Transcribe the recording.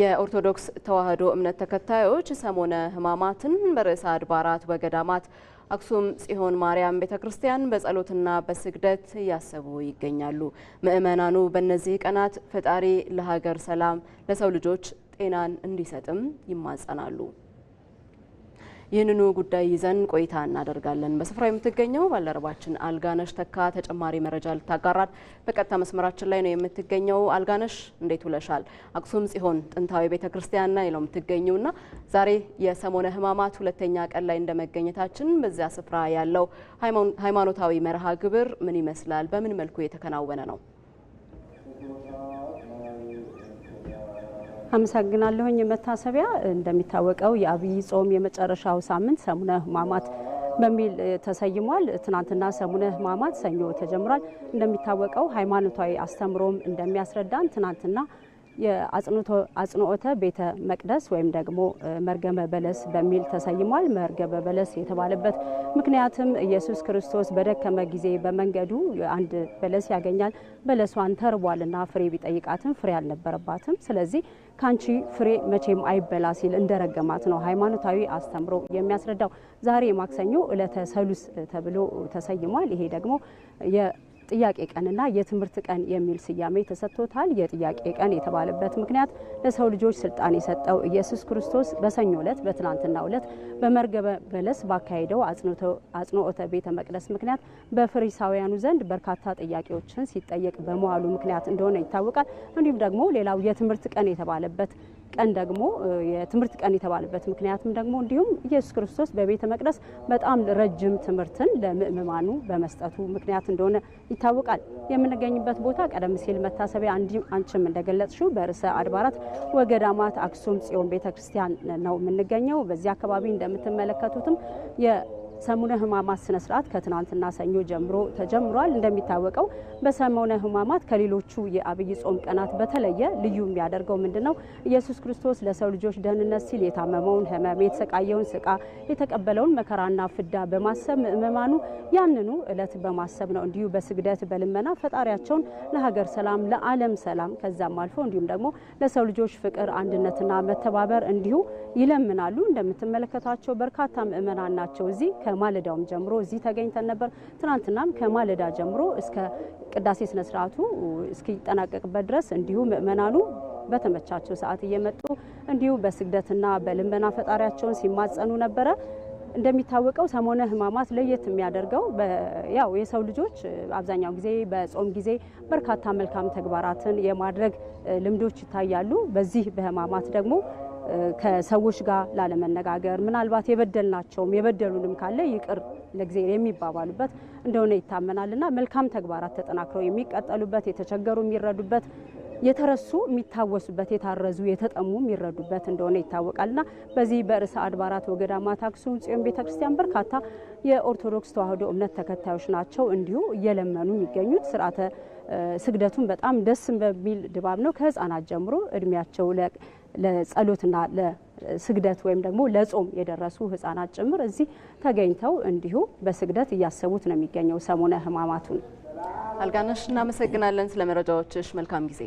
የኦርቶዶክስ ተዋሕዶ እምነት ተከታዮች ሰሞነ ሕማማትን በርዕሰ አድባራት ወገዳማት አክሱም ጽዮን ማርያም ቤተ ክርስቲያን በጸሎትና በስግደት እያሰቡ ይገኛሉ። ምእመናኑ በእነዚህ ቀናት ፈጣሪ ለሀገር ሰላም፣ ለሰው ልጆች ጤናን እንዲሰጥም ይማጸናሉ። ይህንኑ ጉዳይ ይዘን ቆይታ እናደርጋለን። በስፍራው የምትገኘው ባልደረባችን አልጋነሽ ተካ ተጨማሪ መረጃ ልታጋራል በቀጥታ መስመራችን ላይ ነው የምትገኘው። አልጋነሽ እንዴት ውለሻል? አክሱም ጽዮን ጥንታዊ ቤተ ክርስቲያን ላይ ነው የምትገኘውና ዛሬ የሰሞነ ሕማማት ሁለተኛ ቀን ላይ እንደመገኘታችን በዚያ ስፍራ ያለው ሃይማኖታዊ መርሃ ግብር ምን ይመስላል? በምን መልኩ የተከናወነ ነው? አመሰግናለሁኝ። መታሰቢያ እንደሚታወቀው የአብይ ጾም የመጨረሻው ሳምንት ሰሙነ ሕማማት በሚል ተሰይሟል። ትናንትና ሰሙነ ሕማማት ሰኞ ተጀምሯል። እንደሚታወቀው ሃይማኖታዊ አስተምሮም እንደሚያስረዳን ትናንትና የአጽንኦተ ቤተ መቅደስ ወይም ደግሞ መርገመ በለስ በሚል ተሰይሟል። መርገመ በለስ የተባለበት ምክንያትም ኢየሱስ ክርስቶስ በደከመ ጊዜ በመንገዱ አንድ በለስ ያገኛል። በለሷን ተርቧልና ፍሬ ቢጠይቃትም ፍሬ አልነበረባትም። ስለዚህ ካንቺ ፍሬ መቼም አይበላ ሲል እንደረገማት ነው ሃይማኖታዊ አስተምሮ የሚያስረዳው። ዛሬ ማክሰኞ እለተ ሰሉስ ተብሎ ተሰይሟል። ይሄ ደግሞ ጥያቄ ቀንና የትምህርት ቀን የሚል ስያሜ ተሰጥቶታል። የጥያቄ ቀን የተባለበት ምክንያት ለሰው ልጆች ስልጣን የሰጠው ኢየሱስ ክርስቶስ በሰኞ ዕለት በትናንትና ዕለት በመርገበ በለስ ባካሄደው አጽንኦተ ቤተ መቅደስ ምክንያት በፈሪሳውያኑ ዘንድ በርካታ ጥያቄዎችን ሲጠየቅ በመዋሉ ምክንያት እንደሆነ ይታወቃል። እንዲሁም ደግሞ ሌላው የትምህርት ቀን የተባለበት ቀን ደግሞ የትምህርት ቀን የተባለበት ምክንያትም ደግሞ እንዲሁም ኢየሱስ ክርስቶስ በቤተ መቅደስ በጣም ረጅም ትምህርትን ለምእመማኑ በመስጠቱ ምክንያት እንደሆነ ይታወቃል። የምንገኝበት ቦታ ቀደም ሲል መታሰቢያ አንቺም እንደገለጽሽው በርዕሰ አድባራት ወገዳማት አክሱም ጽዮን ቤተ ክርስቲያን ነው የምንገኘው። በዚህ አካባቢ እንደምትመለከቱትም ሰሙነ ሕማማት ስነ ስርዓት ከትናንትና ሰኞ ጀምሮ ተጀምሯል። እንደሚታወቀው በሰሙነ ሕማማት ከሌሎቹ የአብይ ጾም ቀናት በተለየ ልዩ የሚያደርገው ምንድን ነው? ኢየሱስ ክርስቶስ ለሰው ልጆች ደህንነት ሲል የታመመውን ሕመም፣ የተሰቃየውን ስቃ፣ የተቀበለውን መከራና ፍዳ በማሰብ ምእመማኑ ያንኑ እለት በማሰብ ነው እንዲሁ በስግደት በልመና ፈጣሪያቸውን ለሀገር ሰላም፣ ለዓለም ሰላም ከዛም አልፎ እንዲሁም ደግሞ ለሰው ልጆች ፍቅር፣ አንድነትና መተባበር እንዲሁ ይለምናሉ። እንደምትመለከቷቸው በርካታ ምእመናን ናቸው እዚህ ከማለዳውም ጀምሮ እዚህ ተገኝተን ነበር። ትናንትናም ከማለዳ ጀምሮ እስከ ቅዳሴ ስነስርዓቱ እስኪጠናቀቅበት ድረስ እንዲሁ ምእመናኑ በተመቻቸው ሰዓት እየመጡ እንዲሁ በስግደትና በልመና ፈጣሪያቸውን ሲማጸኑ ነበረ። እንደሚታወቀው ሰሞነ ሕማማት ለየት የሚያደርገው ያው የሰው ልጆች አብዛኛው ጊዜ በጾም ጊዜ በርካታ መልካም ተግባራትን የማድረግ ልምዶች ይታያሉ። በዚህ በሕማማት ደግሞ ከሰዎች ጋር ላለመነጋገር ምናልባት የበደልናቸውም የበደሉንም ካለ ይቅር ለእግዚአብሔር የሚባባሉበት እንደሆነ ይታመናልና መልካም ተግባራት ተጠናክረው የሚቀጠሉበት፣ የተቸገሩ የሚረዱበት፣ የተረሱ የሚታወሱበት፣ የታረዙ የተጠሙ የሚረዱበት እንደሆነ ይታወቃልና በዚህ በርዕሰ አድባራት ወገዳማት አክሱም ጽዮን ክርስቲያን በርካታ የኦርቶዶክስ ተዋሕዶ እምነት ተከታዮች ናቸው እንዲሁ እየለመኑ የሚገኙት ስርዓተ ስግደቱን በጣም ደስ በሚል ድባብ ነው። ከህፃናት ጀምሮ እድሜያቸው ለጸሎትና ለስግደት ወይም ደግሞ ለጾም የደረሱ ህጻናት ጭምር እዚህ ተገኝተው እንዲሁ በስግደት እያሰቡት ነው የሚገኘው ሰሙነ ህማማቱን አልጋነሽ፣ እናመሰግናለን ስለ መረጃዎችሽ። መልካም ጊዜ